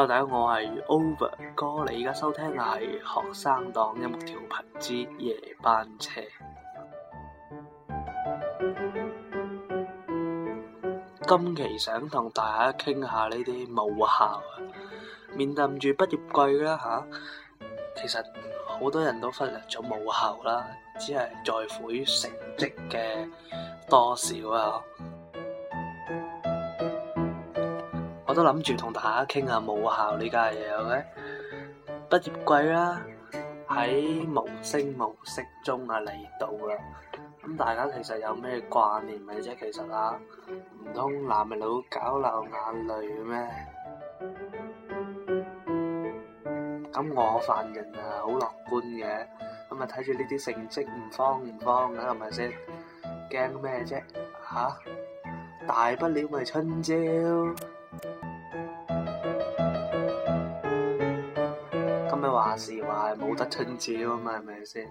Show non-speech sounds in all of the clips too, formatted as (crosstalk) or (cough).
Hello 大家好，我係 Over 哥，你而家收聽嘅係學生黨音樂調頻之夜班車。今期想同大家傾下呢啲母校啊，面對住畢業季啦吓，其實好多人都忽略咗母校啦，只係在乎於成績嘅多少啊。我都諗住同大家傾下母校呢家嘢嘅，畢業季啦、啊，喺無聲無息中啊嚟到啦。咁、嗯、大家其實有咩掛念咪、啊、啫？其實啊，唔通男人老狗流眼淚咩？咁、嗯、我犯人啊，好樂觀嘅。咁、嗯、啊，睇住呢啲成績唔慌唔慌，係咪先？驚咩啫？吓，大不了咪春招。咩話事話冇得親子咁嘛？係咪先？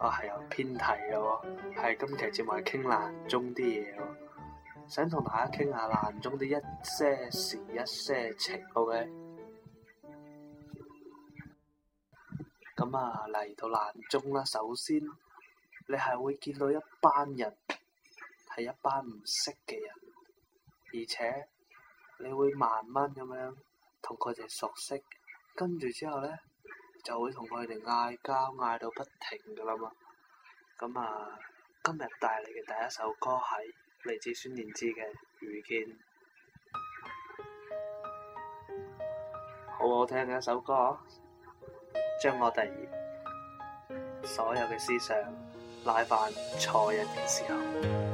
哦、啊，係有偏題嘅喎，係今期節目係傾瀾中啲嘢喎，想同大家傾下瀾中啲一些事、一些情，OK？咁啊，嚟到瀾中啦，首先你係會見到一班人，係一班唔識嘅人，而且你會慢慢咁樣同佢哋熟悉。跟住之後咧，就會同佢哋嗌交，嗌到不停噶啦嘛。咁啊，今日帶嚟嘅第一首歌係嚟自孫燕姿嘅《遇見》，好好聽嘅一首歌。將我哋所有嘅思想拉返錯人嘅時候。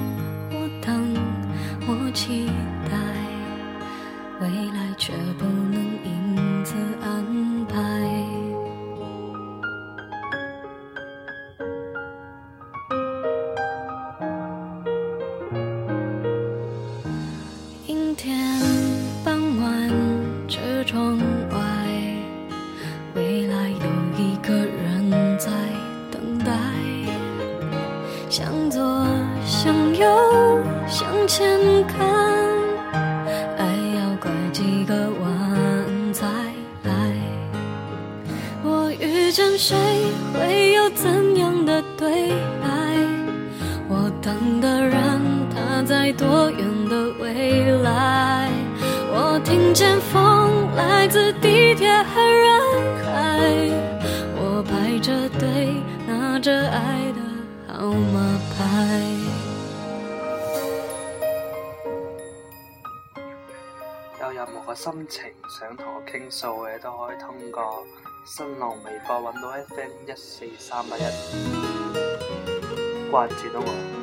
有任何個心情想同我傾訴嘅，都可以通過新浪微博揾到 FM 一四三一一，關注到我。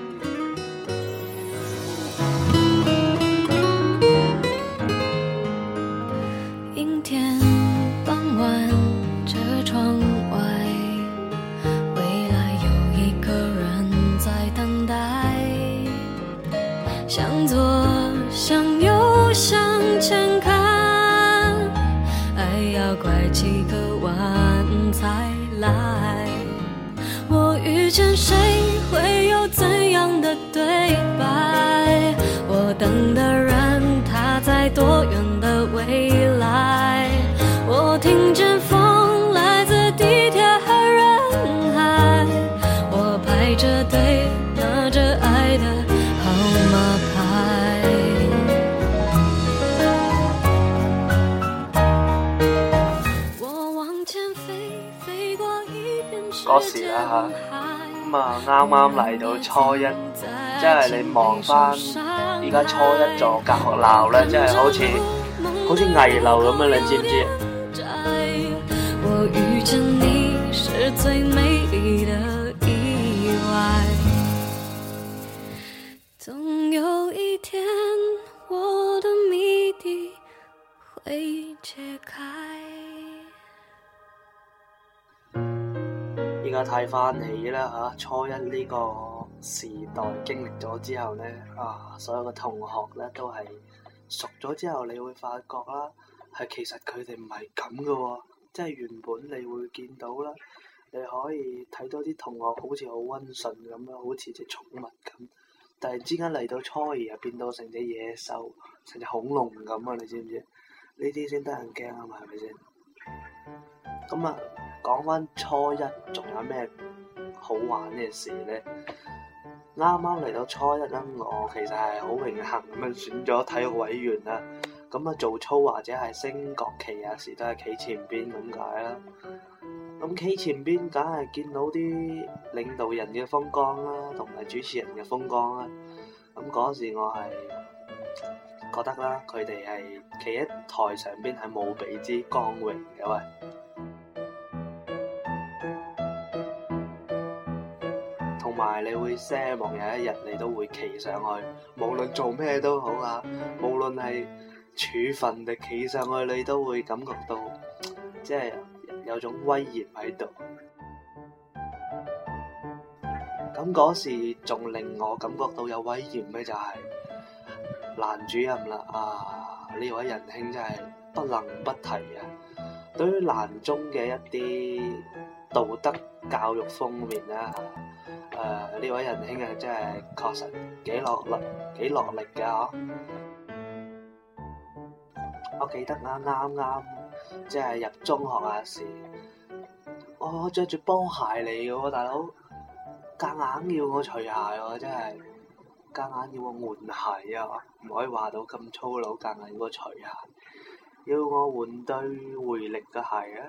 多事啦嚇、啊，咁啊啱啱嚟到初一，即係你望翻依家初一座教學樓咧，即係好似好似危樓咁，你知唔知？睇翻起啦嚇，初一呢個時代經歷咗之後咧，啊，所有嘅同學咧都係熟咗之後，你會發覺啦，係其實佢哋唔係咁噶喎，即係原本你會見到啦，你可以睇到啲同學好似好溫順咁樣，好似隻寵物咁，突然之間嚟到初二又變到成隻野獸，成隻恐龍咁啊！你知唔知？呢啲先得人驚啊嘛，係咪先？咁啊！講翻初一，仲有咩好玩嘅事咧？啱啱嚟到初一啦，我其實係好榮幸咁樣選咗體育委員啦。咁啊做操或者係升國旗啊時都係企前邊咁解啦。咁企前邊，梗係見到啲領導人嘅風光啦，同埋主持人嘅風光啦。咁嗰時我係覺得啦，佢哋係企喺台上邊係冇比之光榮嘅喂。同埋你會奢望有一日你都會企上去，無論做咩都好啊，無論係處分定企上去，你都會感覺到即係有種威嚴喺度。咁嗰時仲令我感覺到有威嚴嘅就係蘭主任啦，啊呢位仁兄真係不能不提啊！對於瀾中嘅一啲道德教育方面啦。誒呢、啊、位仁兄、哦哦、啊，真係確實幾落力幾落力嘅呵！我記得啱啱啱即係入中學嘅時，我着住波鞋嚟嘅喎，大佬夾硬要我除鞋喎，真係夾硬要我換鞋啊！唔可以話到咁粗魯，夾硬要我除鞋，要我換對回力嘅鞋啊！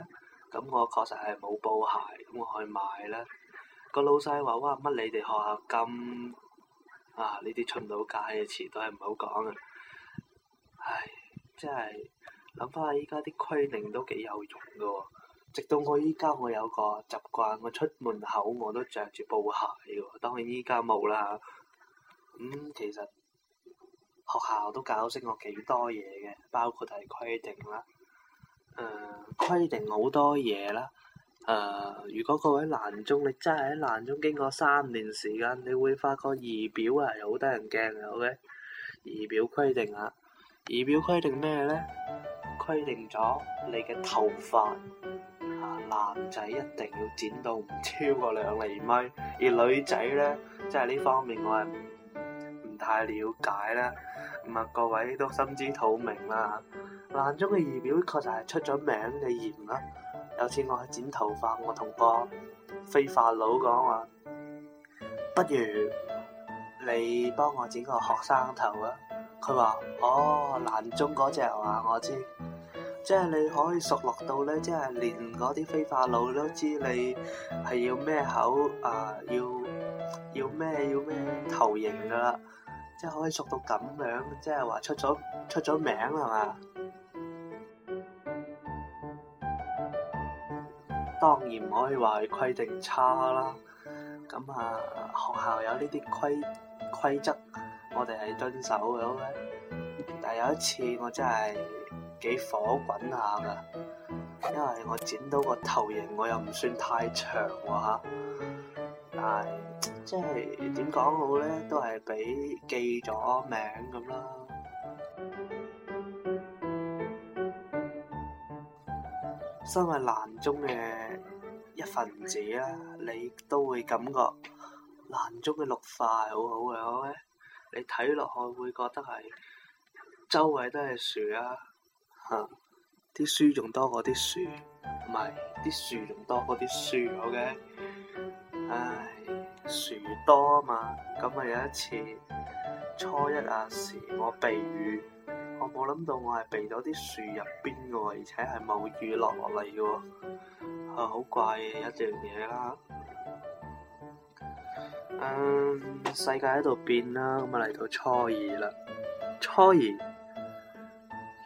咁我確實係冇布鞋，咁我去買啦。個老細話：哇！乜你哋學校咁啊？呢啲出唔到街嘅詞都係唔好講啊！唉，真係諗翻下，依家啲規定都幾有用噶、哦。直到我依家，我有個習慣，我出門口我都着住布鞋嘅喎。當然依家冇啦。咁、嗯、其實學校都教識我幾多嘢嘅，包括就係規定啦，誒、嗯、規定好多嘢啦。誒，uh, 如果各位瀾中，你真係喺瀾中經過三年時間，你會發覺儀表係好多人驚嘅。Okay? 儀表規定啊，儀表規定咩呢？規定咗你嘅頭髮，啊、男仔一定要剪到唔超過兩厘米，而女仔呢，即係呢方面我係唔太了解啦。咁啊，各位都心知肚明啦、啊。瀾中嘅儀表確實係出咗名嘅嚴啦。有次我去剪頭髮，我同個飛髮佬講話，不如你幫我剪個學生頭啊？佢話哦，瀾中嗰隻係嘛？我知，即係你可以熟落到咧，即係連嗰啲飛髮佬都知你係要咩口啊，要要咩要咩頭型噶啦，即係可以熟到咁樣，即係話出咗出咗名係嘛？當然唔可以話佢規定差啦，咁啊學校有呢啲規規則，我哋係遵守嘅。但係有一次我真係幾火滾下㗎，因為我剪到個頭型我又唔算太長喎嚇，但係即係點講好咧，都係俾記咗名咁啦。身為瀾中嘅一份子啦，你都會感覺瀾中嘅綠化係好好嘅，好嘅。你睇落去會覺得係周圍都係樹啦，吓啲樹仲多過啲樹，唔係啲樹仲多過啲樹，好嘅。唉，樹多啊嘛，咁啊有一次初一啊時，我避雨。我冇諗到我係避咗啲樹入邊嘅，而且係冇雨落落嚟嘅，啊好怪嘅一樣嘢啦。嗯，世界喺度變啦，咁啊嚟到初二啦，初二，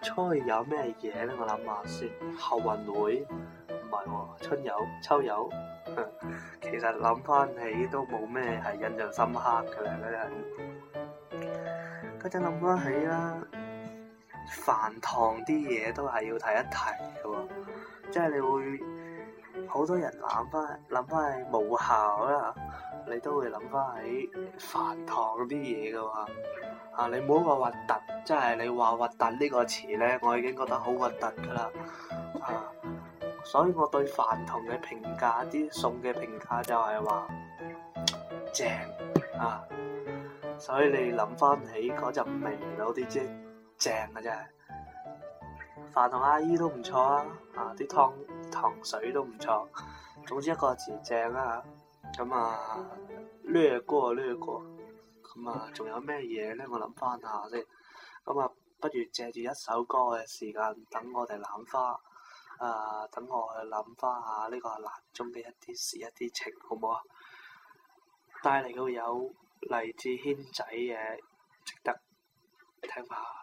初二有咩嘢咧？我諗下先，校運會，唔係喎，春遊、秋遊， (laughs) 其實諗翻起都冇咩係印象深刻嘅啦，嗰啲係，家陣諗翻起啦。飯堂啲嘢都係要提一提嘅喎，即係你會好多人諗翻諗翻喺母校啦，你都會諗翻喺飯堂啲嘢嘅喎，啊，你唔好話核突，即係你話核突呢個詞咧，我已經覺得好核突噶啦，啊，所以我對飯堂嘅評價，啲餸嘅評價就係話正啊，所以你諗翻起嗰陣味有啲啫。正嘅、啊、啫，係飯堂阿姨都唔錯啊！啊，啲湯糖水都唔錯，總之一個字正啊！咁啊，呢、這個歌啊咁、呢個、啊，仲、呢個啊啊、有咩嘢咧？我諗翻下先，咁啊，不如借住一首歌嘅時間，等我哋諗翻啊，等我去諗翻下呢個瀾中嘅一啲事，一啲情，好唔好啊？帶嚟個有黎智軒仔嘅，值得聽下。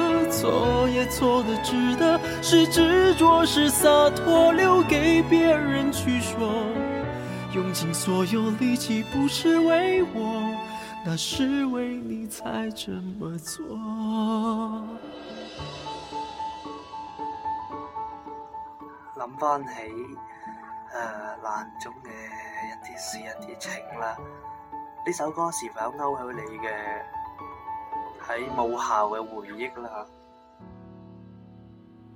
錯也錯的值得，是執着是灑脫，留給別人去說。用盡所有力氣不是為我，那是為你才這麼做。諗翻起誒、呃，瀾中嘅一啲事一啲情啦，呢首歌是否勾起你嘅喺母校嘅回憶啦？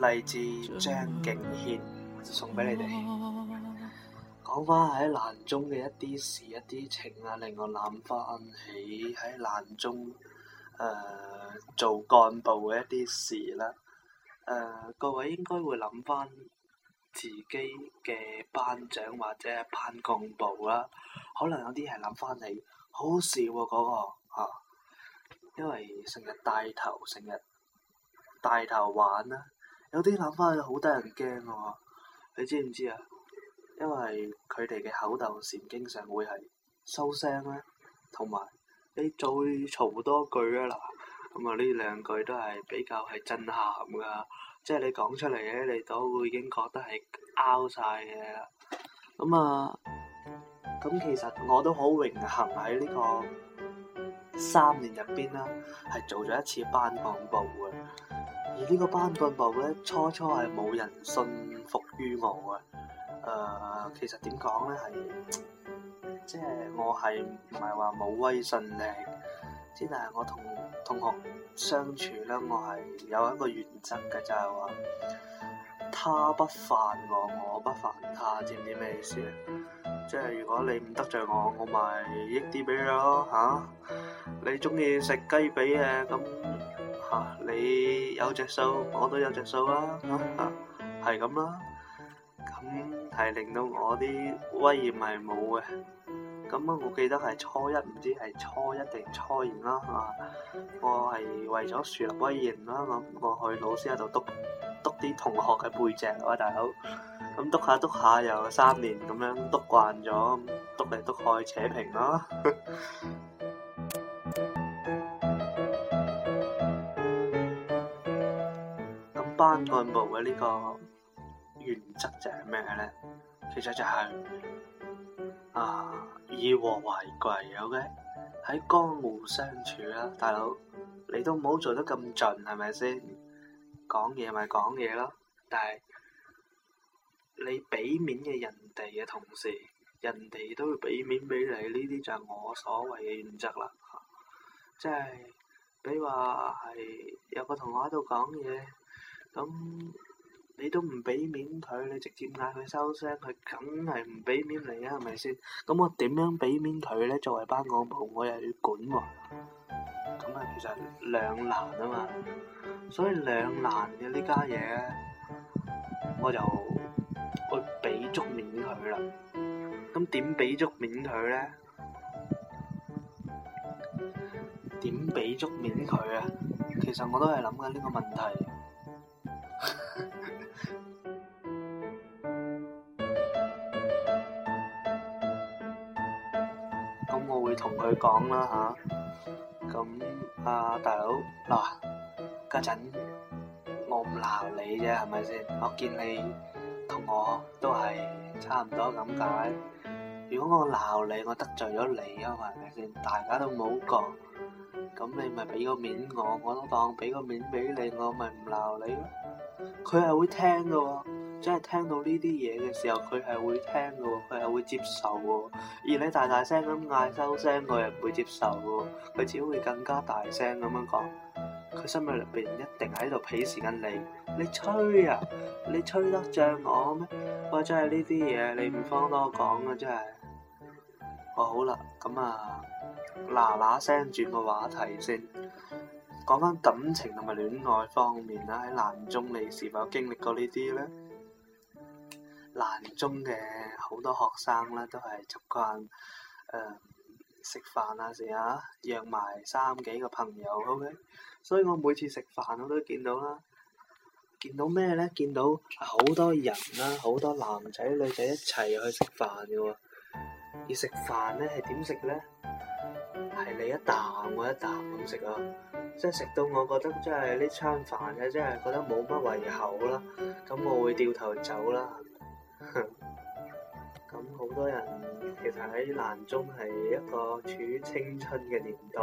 嚟自張敬軒送俾你哋，講翻喺瀾中嘅一啲事、一啲情啊，令我諗翻起喺瀾中誒、呃、做幹部嘅一啲事啦。誒、呃，各位應該會諗翻自己嘅班長或者係班幹部啦。可能有啲係諗翻起，好笑喎、啊、嗰、那個、啊、因為成日帶頭，成日帶頭玩啦。有啲諗翻去，好得人驚嘅，你知唔知啊？因為佢哋嘅口頭禪經常會係收聲咧、啊，同埋你再嘈多句咧、啊、嗱，咁啊呢兩句都係比較係震撼噶，即係你講出嚟咧，你都會已經覺得係拗晒嘅。咁、嗯、啊，咁其實我都好榮幸喺呢個三年入邊啦，係做咗一次班幹部嘅。而呢個班幹部咧，初初係冇人信服於我嘅。誒、呃，其實點講咧，係即係我係唔係話冇威信咧，只係我同同學相處咧，我係有一個原則嘅，就係話他不犯我，我不犯他，知唔知咩意思咧？即係如果你唔得罪我，我咪益啲俾佢咯，嚇、啊！你中意食雞髀啊咁。你有隻數，我都有隻數啦、啊，係咁啦，咁係、啊、令到我啲威嚴係冇嘅。咁啊，我記得係初一，唔知係初一定初二啦、啊。我係為咗樹立威嚴啦，咁我去老師喺度督督啲同學嘅背脊、啊，喂大佬，咁、啊、督下督下又三年咁樣督慣咗，督嚟督去扯平啦、啊。 (laughs) 班幹部嘅呢個原則就係咩咧？其實就係、是、啊，以和為貴。OK，喺江湖相處啦，大佬，你都唔好做得咁盡，係咪先？講嘢咪講嘢咯，但係你俾面嘅人哋嘅同時，人哋都要俾面俾你。呢啲就係我所謂嘅原則啦、啊。即係比如話係有個同學喺度講嘢。咁你都唔畀面佢，你直接嗌佢收聲，佢梗係唔畀面你啊，係咪先？咁我點樣畀面佢呢？作為班幹部，我又要管喎。咁啊，其實兩難啊嘛。所以兩難嘅呢家嘢，我就會畀足面佢啦。咁點畀足面佢呢？點畀足面佢啊？其實我都係諗緊呢個問題。咁我會同佢講啦吓，咁啊大佬，嗱，家陣我唔鬧你啫，係咪先？我見你同我都係差唔多咁解。如果我鬧你，我得罪咗你啊嘛，係咪先？大家都冇講，咁你咪俾個面我，我都當俾個面俾你，我咪唔鬧你咯。佢係會聽噶、哦，即係聽到呢啲嘢嘅時候，佢係會聽噶、哦，佢係會接受噶。而你大大聲咁嗌收聲，佢又唔會接受噶，佢只會更加大聲咁樣講。佢心裏入邊一定喺度鄙視緊你，你吹啊，你吹得像我咩？我真係呢啲嘢，你唔方多講啊！真係。哦，好啦，咁啊，嗱嗱聲轉個話題先。講翻感情同埋戀愛方面啦，喺瀾中你是否經歷過呢啲咧？瀾中嘅好多學生咧都係習慣誒食、呃、飯啊，成日約埋三幾個朋友，OK。Okay? 所以我每次食飯我都見到啦，見到咩咧？見到好多人啦，好多男仔女仔一齊去食飯嘅喎。而食飯咧係點食咧？係你一啖，我一啖咁食啊！即係食到我覺得，即係呢餐飯咧，即係覺得冇乜胃口啦。咁我會掉頭走啦。咁 (laughs) 好多人其實喺瀾中係一個處於青春嘅年代，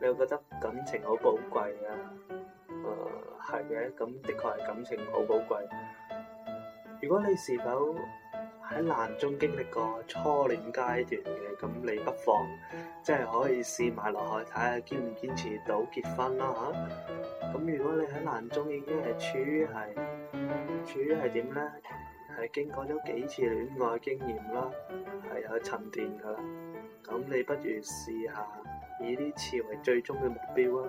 你會覺得感情好寶貴啊。誒、呃，係嘅，咁的確係感情好寶貴。如果你是否？喺瀾中經歷過初戀階段嘅，咁你不妨，即係可以試埋落去睇下堅唔堅持到結婚啦吓。咁如果你喺瀾中已經係處於係處於係點咧，係經過咗幾次戀愛經驗啦，係有沉澱噶啦。咁你不如試下以呢次為最終嘅目標啊！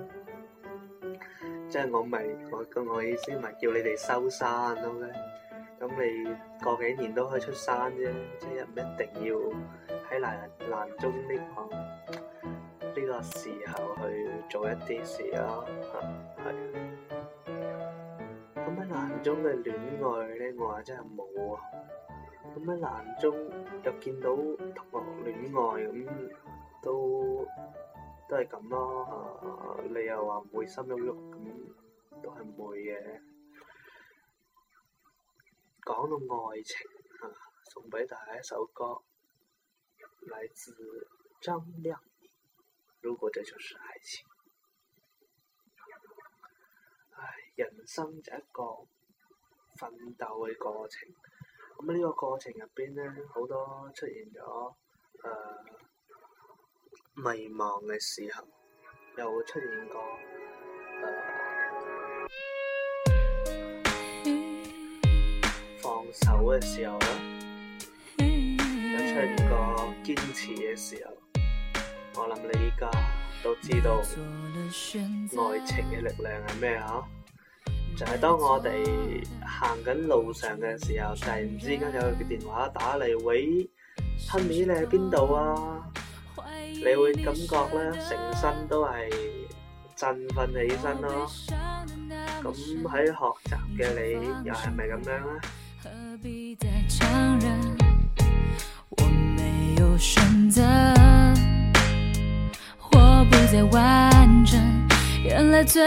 即係我咪我咁我意思咪叫你哋收山咯。咁你過幾年都可以出山啫，即係一唔一定要喺瀾瀾中呢個呢個時候去做一啲事咯、啊，係。咁喺瀾中嘅戀愛咧，我話真係冇啊。咁喺瀾中又見到同學戀愛咁，都都係咁咯。你又話唔會心喐喐咁，都係唔會嘅。講到愛情，吓、啊，送俾大家一首歌，嚟自張靚穎，如果這就是愛情。唉，人生就一個奮鬥嘅過程，咁、啊、呢、這個過程入邊咧，好多出現咗誒、呃、迷茫嘅時候，又會出現過誒。呃手嘅時候咧，有出現過堅持嘅時候，我諗你依家都知道愛情嘅力量係咩嗬？就係、是、當我哋行緊路上嘅時候，突然之間有個電話打嚟，喂 h o 你喺邊度啊？你會感覺咧，成身都係振奮起身咯。咁喺學習嘅你又係咪咁樣咧？不必再強忍，我沒有選擇，我不再完整，原來最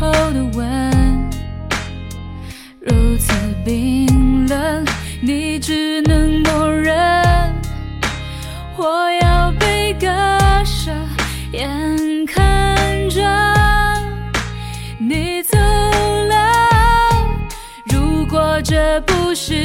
後的吻如此冰冷，你只能默認，我要被割捨，眼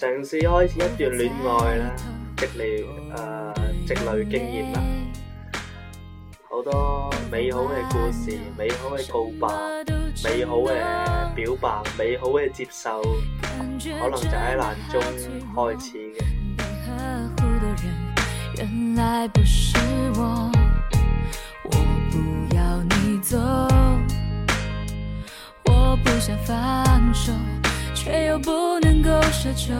嘗試開始一段戀愛啦，積累呃積累經驗啦，好多美好嘅故事，美好嘅告白，美好嘅表白，美好嘅接受、呃，可能就喺瀾中開始的。嘅。 (music) 卻又不能夠奢求。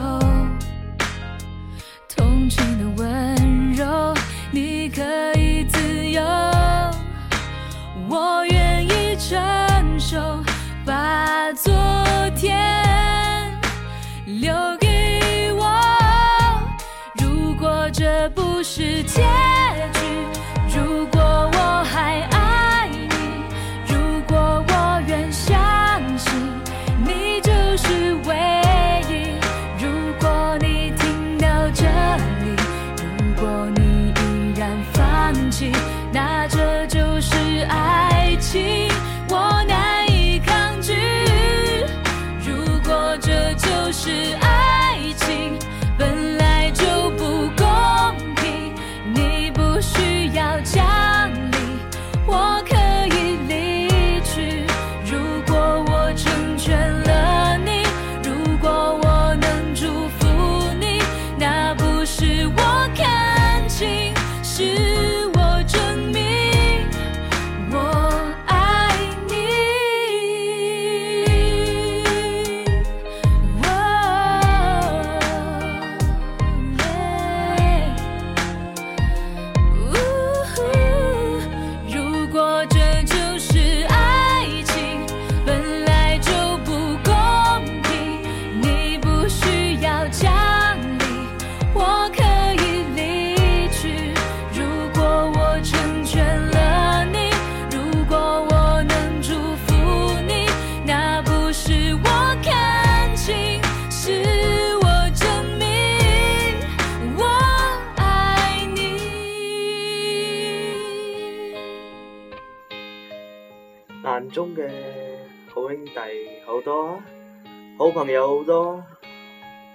有好多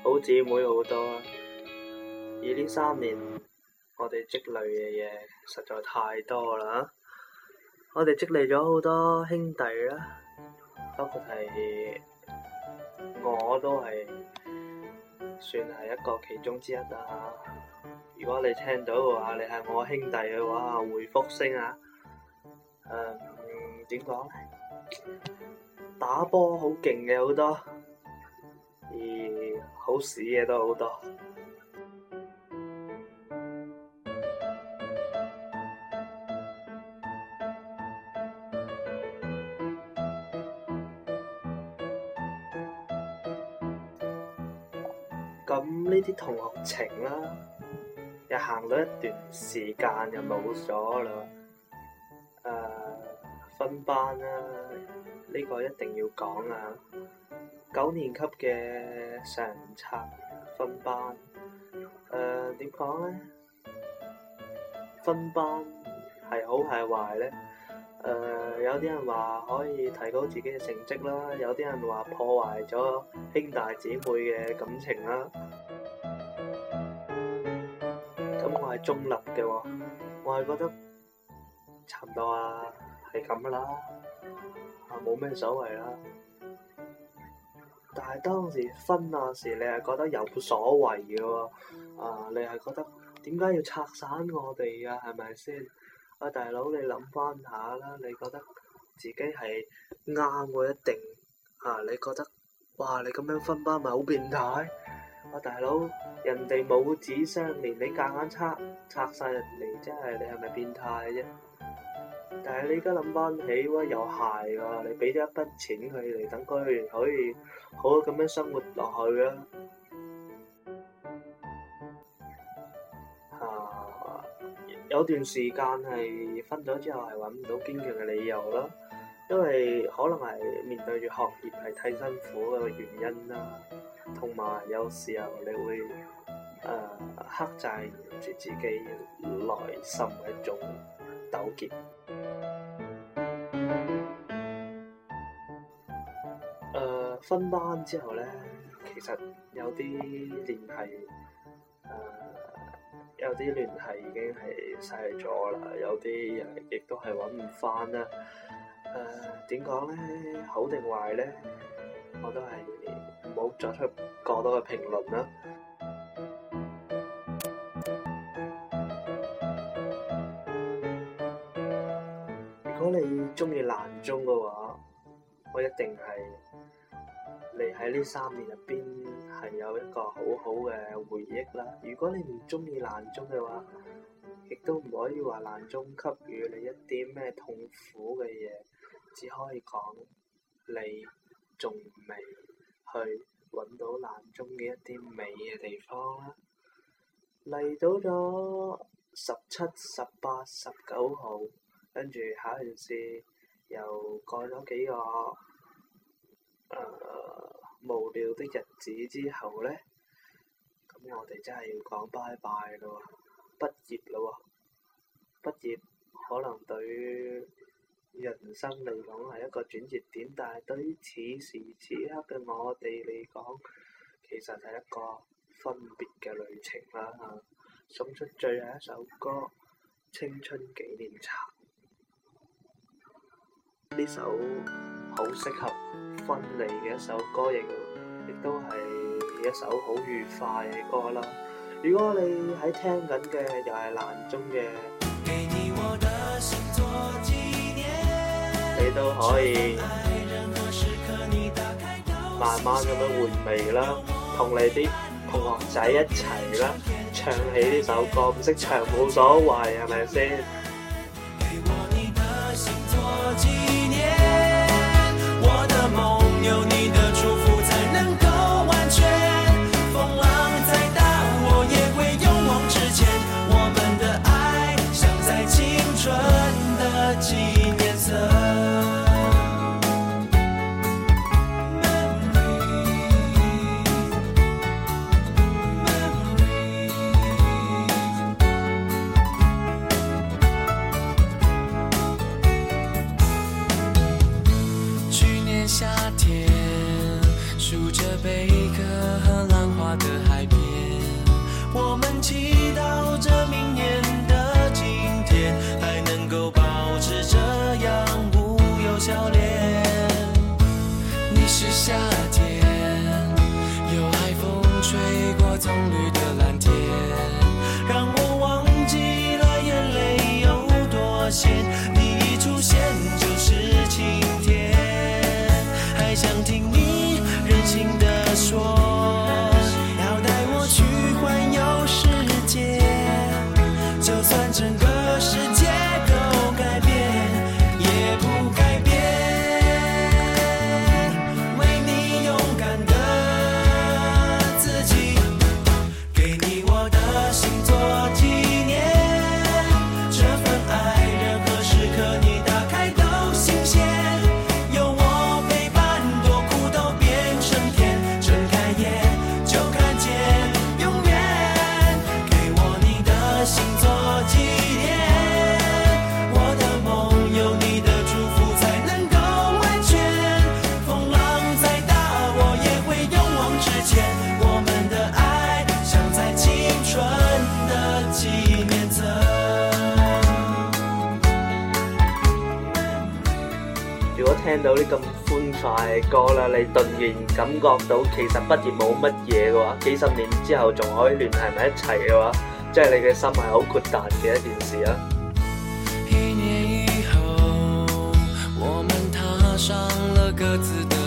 好姊妹，好多。而呢三年，我哋積累嘅嘢實在太多啦。我哋積累咗好多兄弟啦，包括係我都係算係一個其中之一啊。如果你聽到嘅話，你係我兄弟嘅話，回復聲啊、呃。嗯，點講？打波好勁嘅好多。而、嗯、好屎嘅都好多。咁呢啲同學情啦，又行咗一段時間又冇咗啦。誒、呃，分班啦、啊，呢、呢個一定要講啊！九年級嘅上冊分班，誒，點講咧？分班係好係壞咧？誒、呃、有啲人話可以提高自己嘅成績啦，有啲人話破壞咗兄弟姐妹嘅感情啦。咁我係中立嘅喎，我係覺得差唔多啊，係咁噶啦，冇咩所謂啦。但係當時分嗰時，你係覺得有所謂嘅喎、啊，啊！你係覺得點解要拆散我哋啊？係咪先？啊，大佬，你諗翻下啦，你覺得自己係啱我一定啊？你覺得哇，你咁樣分班咪好變態？啊，大佬，人哋母子相連你，你夾硬拆拆晒人哋，真係你係咪變態啫？但係你而家諗翻起，哇有鞋啊！你俾咗一筆錢佢嚟，等佢哋可以好咁樣生活落去啊！吓、啊、有段時間係分咗之後係搵唔到堅強嘅理由啦、啊，因為可能係面對住學業係太辛苦嘅原因啦、啊，同埋有，有時候你會誒克制住自己內心嘅一種糾結。分班之後咧，其實有啲聯繫，誒有啲聯繫已經係晒咗啦，有啲人亦都係揾唔返啦。誒，點講咧，好定壞咧，我都係唔好作出過多嘅評論啦。如果你中意瀾中嘅話，我一定係。你喺呢三年入邊係有一個好好嘅回憶啦。如果你唔中意瀾中嘅話，亦都唔可以話瀾中給予你一啲咩痛苦嘅嘢，只可以講你仲未去揾到瀾中嘅一啲美嘅地方啦。嚟到咗十七、十八、十九號，跟住考完試又過咗幾個。誒、呃、無聊的日子之後咧，咁我哋真係要講拜拜咯，畢業咯喎，畢業可能對於人生嚟講係一個轉折點，但係對於此時此刻嘅我哋嚟講，其實係一個分別嘅旅程啦、啊。送出最後一首歌《青春紀念冊》，呢首好適合。分離嘅一首歌，亦亦都係一首好愉快嘅歌啦。如果你喺聽緊嘅又係瀾中嘅，給你都可以慢慢咁樣回味啦。同、嗯、你啲同學仔一齊啦，唱起呢首歌，唔識唱冇所謂，係咪先？嚟過啦！你頓然感覺到其實畢業冇乜嘢嘅話，幾十年之後仲可以聯繫埋一齊嘅話，即係你嘅心係好豁達嘅一件事啊！一年以後，我們踏上了各自嘅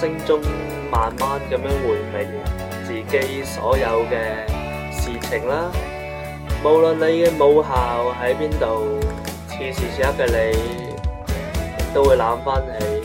聲中慢慢咁樣回味自己所有嘅事情啦，無論你嘅母校喺邊度，此時此刻嘅你都會諗翻起。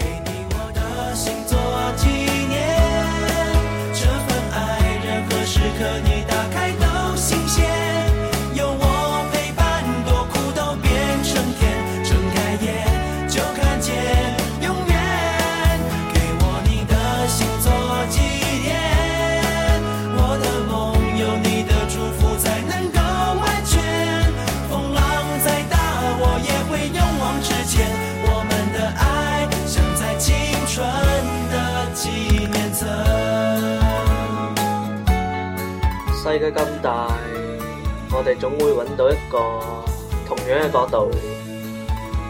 咁大，我哋總會揾到一個同樣嘅角度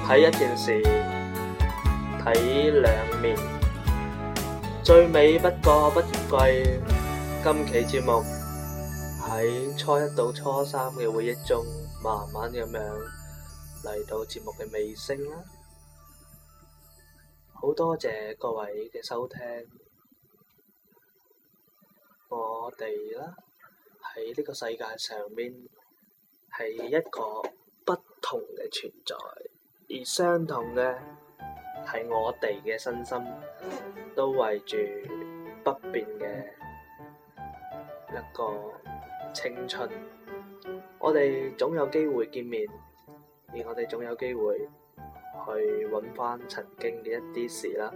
睇一件事，睇兩面。最美不過畢業季。今期節目喺初一到初三嘅回憶中，慢慢咁樣嚟到節目嘅尾聲啦。好多謝各位嘅收聽，我哋啦。喺呢個世界上面，係一個不同嘅存在，而相同嘅係我哋嘅身心都圍住不變嘅一個青春。我哋總有機會見面，而我哋總有機會去揾返曾經嘅一啲事啦。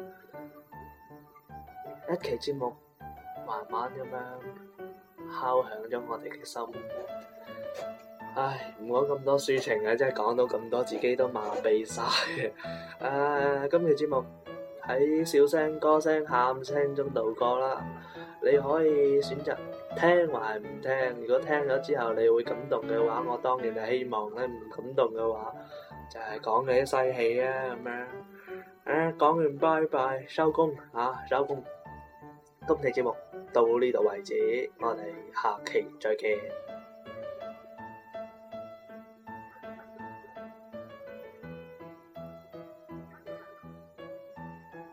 一期節目，慢慢咁樣。敲響咗我哋嘅心，唉，唔好咁多抒情啊！真係講到咁多，自己都麻痹晒。唉，今日節目喺笑聲、歌聲、喊聲中度過啦。你可以選擇聽還係唔聽，如果聽咗之後你會感動嘅話，我當然係希望咧，唔感動嘅話，就係講你啲嘥氣啊咁樣。唉，講完拜拜，收工吓，收工，今日節目。到呢度為止，我哋下期再見。